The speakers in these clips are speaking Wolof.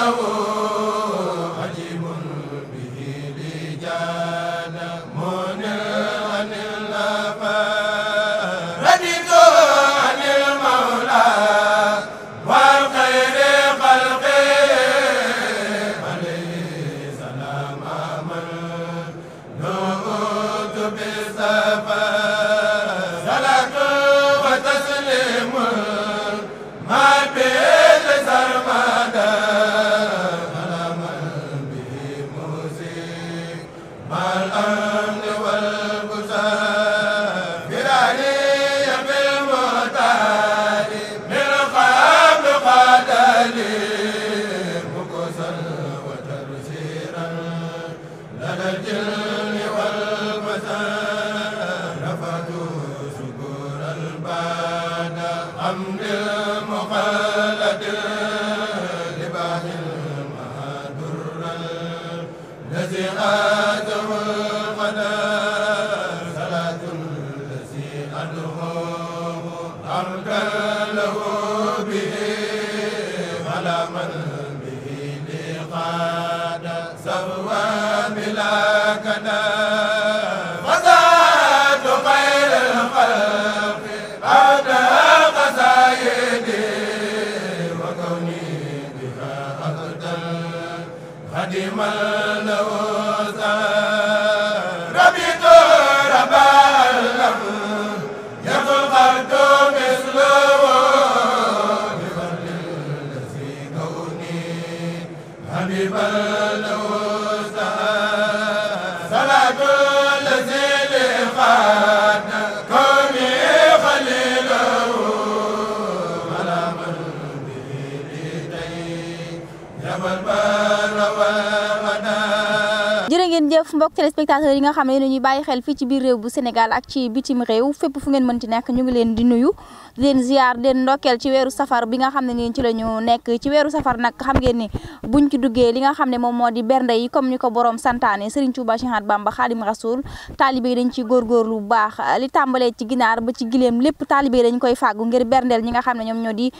ma الذي jëf mbokk téléspectateurs yi nga xam ne yéen ñuy bàyyi xel fii di nuyu di leen ziar di leen ndokkeel bi nga xam ne nii ci la ñu nekk ci weeru safar nag xam ngeen ni buñ ci duggee li xam ne moom moo di bernde yi comme ni ko borom santaane Serigne Touba Cheikh Ahmadou Bamba Khadim Rasoul taalibe yi dañ ciy bu baax li tàmbalee ci ginaar ba ci giléem lépp taalibe dañ koy fàggu ngir berndeel ñi nga xam ne ñoom ñoo di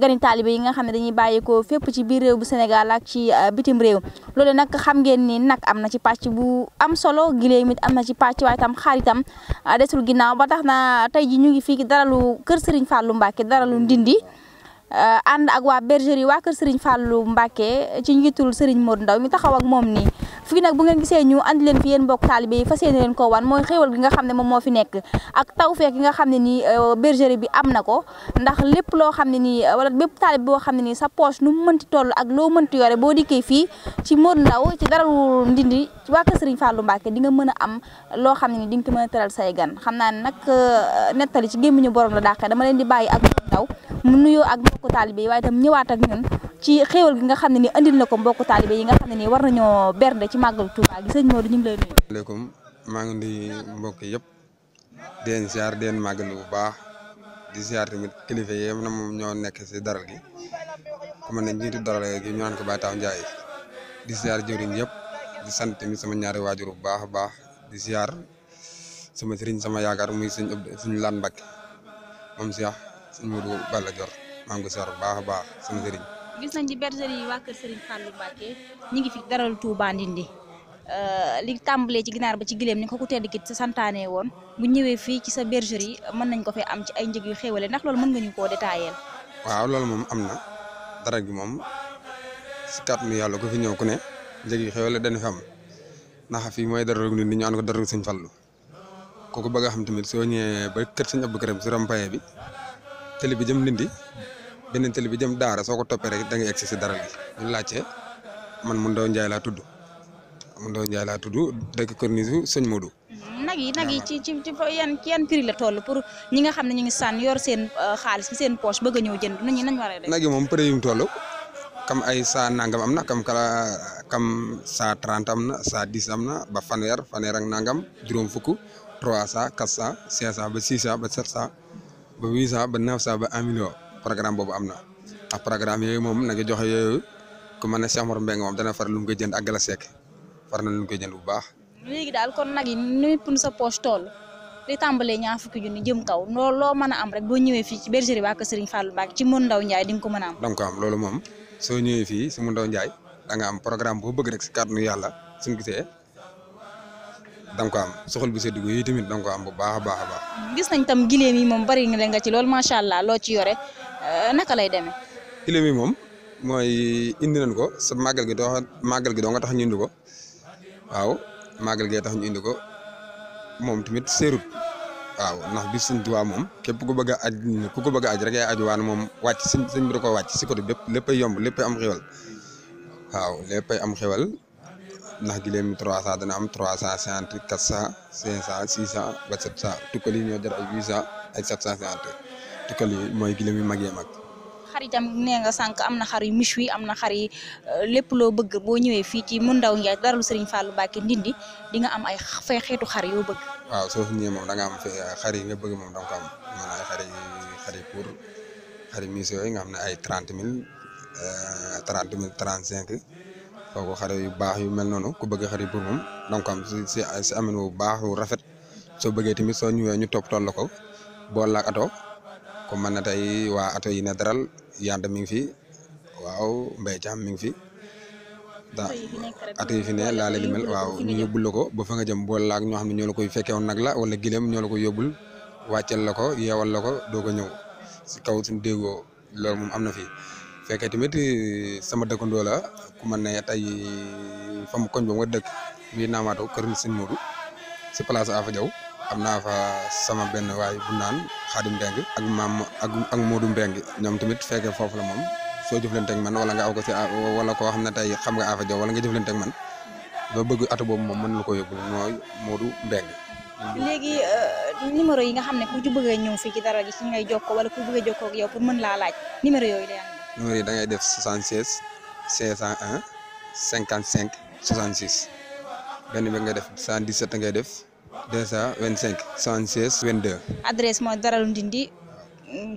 gani taalibe yi nga xam ne dañuy bàyyeekoo fépp ci biir réew bu Sénégal ak ci bitim réew loolu nag xam ngeen ni nag am na ci bu am solo giléem it am na ci pàcc waaye tam xaar itam ah, desul ginnaaw ba tax na tey ji ñu ngi fii daralu kër Serigne Fallou Mbacké daralu Ndindi Euh, ànd ak waa bergerie waa kër Serigne Fallou Mbacke ci njiitul Serigne Modou Ndaw mi taxaw ak moom nii fii nag bu nga gisee ñu andi leen fi yéen mbokk taalibe yi fas leen ko wan mooy xéewal gi nga xam ne moom moo fi nekk ak tawfeex gi nga xam ne nii euh, bergerie bi am na ko ndax lépp loo xam ne nii wala bépp taalib boo xam ne nii sa poche nu mu mënti toll ak loo mënti yore boo dikkee fii ci Modou Ndaw ci darawu Ndindi waa kër Serigne Fallou Mbacke di nga mën a am loo xam ne nii di nga ko mën a teral say gan xam naa ne nag euh, nettali ci gémmiñu borom la dàqee dama leen di bàyyi ak Modou mu nuyoo ak mbokku taalibe yi waaye itam ñëwaat ak ñun ci xéewal gi nga xam ne ni andil na ko mbokku taalibe yi nga xam ne nii war nañoo bernde ci màggal Touba maa ngi nuyu mbokk yëpp di leen ziar bu baax di ziar tamit kilifa yi na moom ñoo nekk si daral gi xam nañ di ziar jëwriñ yëpp di sant sama ñaari waajur bu baax a baax di ziar sama sëriñ sama yaakaar muy sëñ Abdou sëñ Laan Mbacke moom si sëñ Modou Balla Dior maa ngi ko siyaar bu baax a baax sama sëriñ. gis nañ ci bergerie yi waa kër Serigne Fallou Mbacké ñu ngi fi daral Touba Ndindi euh, li tàmbalee ci ginaar ba ci gileem ni ko ku tedd ki sa santaane woon bu ñëwee fii ci sa bergerie yi mën nañ ko fee am ci ay njëg yu xéwale ndax loolu mën nga ñu koo détaillé. waaw loolu moom am na dara gi moom si kàttanu yàlla ko fi ñëw ku ne njëg yu xéwale dañu fi ndax fii mooy daralu nit ñi ñu ànd ko daralu Serigne Fallou kooku bëgg a xam tamit soo ñëwee ba kër Serigne Abdou Karim si rampaye bi tëli bi jëm Ndindi beneen tëli bi jëm Daara soo ko toppee rek da ngay egsi si dara li ñu laajte man mu ndaw Ndiaye laa tudd mu ndaw Ndiaye laa tudd dëkk Corniche su sëñ Modou. nag yi nag ci ci ci la toll pour ñi nga xam ne ñu ngi sànn yor seen euh, xaalis bi seen poche bëgg a ñëw jënd nañu nañu moom prix yu mu toll kam ay saa nangam am na kam kala kam saa trente am na saa dix am na ba fanweer fanweer ak nangam juróom fukk trois cent quatre cent cinq cent ba six cent ba sept cent. ba huit cent ba neuf cent ba un million programme boobu am na ak programme yooyu moom na nga joxe yooyu ku mën a Cheikh Mor Mbengue moom dana far lu mu koy jënd ak gala seek far na lu mu koy jënd bu baax. léegi daal kon nag yi ñëpp sa poche tool li tàmbalee ñaar fukki junni jëm loo mën a am rek boo ñëwee fii ci bergerie waa Kër Serigne Fallou Mbacké ci Mourou Ndaw Ndiaye di nga ko mën a am. am loolu moom soo ñëwee fii si Mourou Ndaw da nga am programme boo bëgg rek si kàddu yàlla suñu gisee da ko am soxal bu sedd yi tamit da ko am bu baax a baax a baax. gis nañ tam gileem yi moom bari na nga ci lool macha allah loo ci yore euh, naka lay demee. gileem yi moom mooy indi nañ ko sa màggal gi doo màggal gi doo nga tax ñu indi ko waaw màggal gee tax ñu indi ko moom tamit seerut waaw ndax bi sëñ Tuubaa moom képp ku bëgg a aj ku ko bëgg aj rek yaay aju waan moom wàcc sëñ sëñ bi da koo wàcc si côté bépp léppay yomb léppay am xéwal waaw léppay am xéwal ndax gileem yi trois cent dana am trois cent cinquante quatre cent cinq cent six cent ba sept cent tukkal yi ñoo jar ay mooy gileem yu mag yee mag. xar itam nee nga sànq am na xar yu miche wi am na xar yi euh, lépp loo bëgg boo ñëwee fii ci mu ndaw Ndiaye daralu Serigne Fallou Mbacké Ndindi di nga am ay fay xeetu xar yo bëgg. waaw soo fi ñëwee moom da am fee euh, xar yi nga bëgg moom da nga ko am maanaam xar yi xar pour xar yi miche nga xam ne ay trente mille euh, trente mille trente cinq. kooku xare yu baax yu mel noonu ku bëgg xare pour moom donc am si si si amin bu baax wu rafet soo bëggee tamit soo ñëwee ñu topp toll ko bool la ato ko mën na tey waa ato yi ne daral yànd mi ngi fi waaw mbay caam mi ngi fi daa ato yi fi ne laa la mel waaw ñu yóbbul la ko ba fa nga jëm bool la ak ñoo xam ne ñoo la koy fekkewoon nag la wala gileem ñoo la ko yóbbul wàccel la ko yeewal la ko doo ko ñëw si kaw si déggoo loolu moom am na fi fekkee tamit eh, sama dëkkandoo la ku ma ne tey fa mu koñ ba nga dëkk muy naamaatoo kër Sëñ Moodu si place Afa Diaw am naa fa sama benn waay bu naan Xaadim Mbeng ak maam ak ak Moodu Mbeng ñoom tamit fekkee foofu la moom soo jëflanteeg man wala nga aw ko si ah, wala koo xam ne tey xam nga Afa Diaw wala nga jëflanteeg man loo bëgg ato boobu moom mën na ko yóbbul mooy Moodu Mbeng eh, yi nga xam ne ku ci bëgg a ñëw fii ci dara wala ku bëgg a yow pour mën laa laaj numéro yooyu la numéro yi da ngay def 76 501 55 66 benn bi nga def 117 ngay def 225 76 22. adresse mooy Daralu Ndindi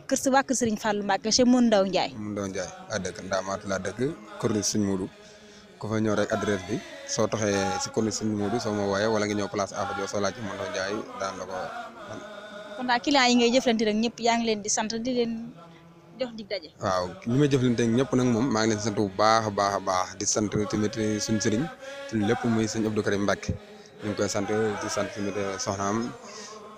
kër si waa kër Serigne Fallou Mbacke chez Moundou Ndaw Ndiaye. Moundou Ndaw Ndiaye laa dëkk Ndaamaatu laa dëkk kuréel Serigne Modou ku fa ñëw rek adresse soo toxee si kuréel Serigne Modou soo ma wooyee wala nga ñëw place Afa soo laaj ci Moundou Ndiaye daan la ko. kon daal client yi ngay jëflante rek ñëpp yaa ngi leen waaw dig daje. waaw ñi may ñëpp nag moom maa ngi leen sant bu baax a baax a baax di sant tamit suñu sëriñ suñu lépp muy sëñ Abdou Karim Mbacke ñu ngi koy sant di sant tamit soxnaam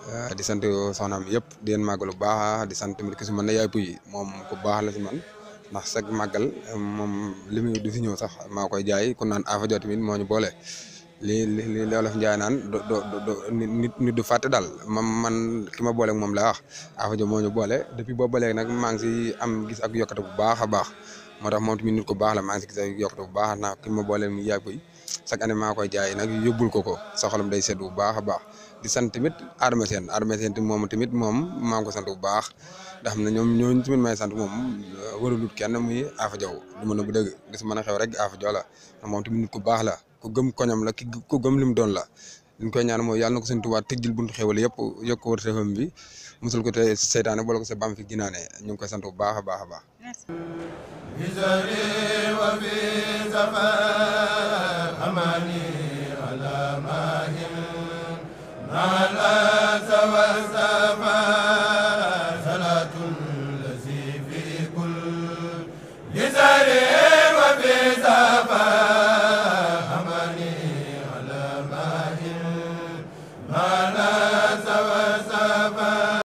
ah, di sant soxnaam yëpp di leen màggal bu baax di sant tamit ki su man na yaay puy moom ku baax la si man ndax sag màggal moom li muy du fi ñëw sax maa koy jaay ku naan afa jot tamit moo ñu boole. li li li olof Njaay naan do do do nit nit du fàtte daal man man ki ma booleeg moom laa wax Afa Dia moo ñu boole depuis boobu ba nag maa ngi si am gis ak yokkate bu baax a baax moo tax moom tamit nit ku baax la maa ngi si gis ak bu baax naa ma boole mi yaay koy chaque maa koy jaay nag yóbbul ko ko sa day sedd bu baax a baax di sant tamit Adama Sène moom tamit moom maa ngi ko sant bu baax ndax xam ne ñoom ñooñu tamit may sant moom waralut kenn muy Afa Dia du ma ne bu dëgg gis mën a xew rek Afa Dia la moom tamit nit ku baax la ku gëm koñam la ki ku gëm lim doon la liñ koy ñaan mooy yàlla na ko seen Tuubaa tëjjil buntu xéwal yëpp yokk ko wërtefam musul ko te seytaane boole se sa bam fi ginaane ñu ngi koy sant bu baax a baax a baax amani ala